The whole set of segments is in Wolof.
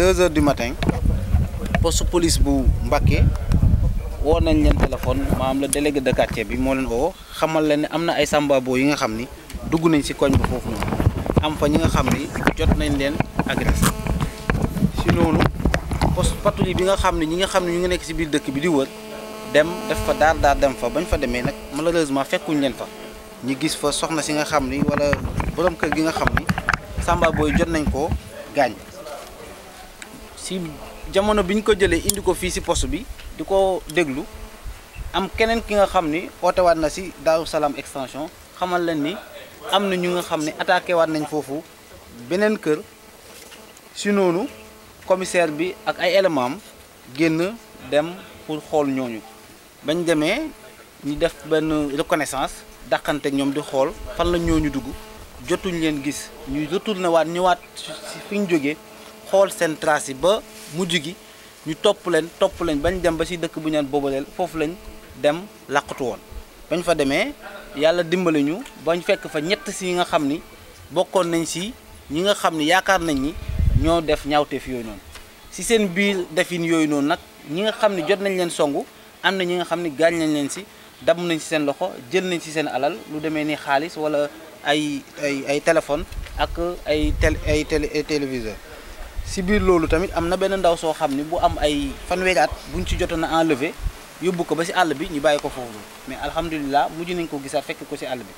deux heures du matin poste police bu Mbacké woo nañ leen téléphone maam le délégué de bi moo leen woo xamal leen ne am na ay sambabo yi nga xam ni dugg nañ ci koñ ba foofu am fa ñi nga xam ni jot nañ leen agressé loolu poste patrouille nga xam ne ñi nga xam ne ñu ngi nekk ci biir dëkk bi di wër dem def fa daar daar dem fa bañ fa demee nag malheureusement fekkuñ leen fa ñu gis fa soxna si nga xam ni walla boroom kër gi nga xam ni sambabo yi jot nañ ko gaañ si jamono bi ñu ko jëlee indi ko fii si poste bi di ko déglu am keneen ki nga xam ni oote waat na si Daaru Salaam extension xamal leen ni am na ñu nga xam ne attaqué waat nañ foofu beneen kër si noonu commissaire bi ak ay élément am génn dem pour xool ñooñu bañ demee ñu def benn reconnaissance dàqante ñoom di xool fan la ñooñu dugg jotuñ leen gis ñu na waat ñëwaat fi ñu jógee xool seen traces yi ba mujj gi ñu topp leen topp leen bañ dem ba si dëkk bu ñaan boobaleel foofu lañ dem làqatu woon bañ fa demee yàlla dimbali ñu bañ fekk fa ñett si yi nga xam ni bokkoon nañ si ñi nga xam ni yaakaar nañ ni ñoo def ñaawteef yooyu noonu si seen biir defin yooyu noonu nag ñi nga xam ni jot nañ leen songu am na ñi nga xam ni gaañ nañ leen si damm nañ si seen loxo jël nañ si seen alal lu demee nii xaalis wala ay ay ay téléphone ak ay tel ay téléviseur si biir loolu tamit am na benn ndaw soo xam ni bu am ay fanweeri at buñ ci jotoon a enlever yóbbu ko ba si àll bi ñu bàyyi ko foofu mais alhamdulilah mujj nañ ko gisaat fekk ko si àll bi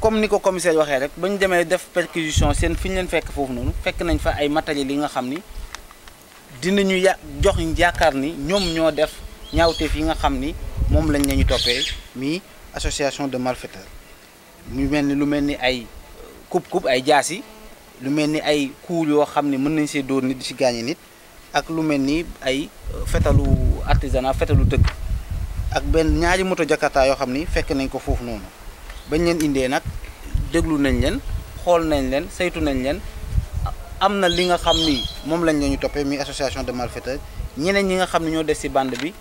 comme ni ko commissaire waxee rek ba ñu demee def perquisition seen fi ñu leen fekk foofu noonu fekk nañ fa ay matériels yi nga xam ni dinañu ya jox ñu yaakaar ni ñoom ñoo def ñaawteef yi nga xam ni moom lañ lañu toppee mi association de malfaiteurs ñu mel ni lu mel ni ay coupe ay jaas lu mel ni ay kuul yoo xam ne mën nañ see dóor nit di si gaañe nit ak lu mel ni ay euh, fetalu artisanat fetalu dëkk ak benn ñaari moto jakarta yoo xam ni fekk nañ ko foofu noonu bañ leen indee nag déglu nañ leen xool nañ leen saytu nañ leen am na li nga xam ni moom lañ la ñu toppee muy association de malfaiteurs ñeneen ñi nga xam ne ñoo des si bande bi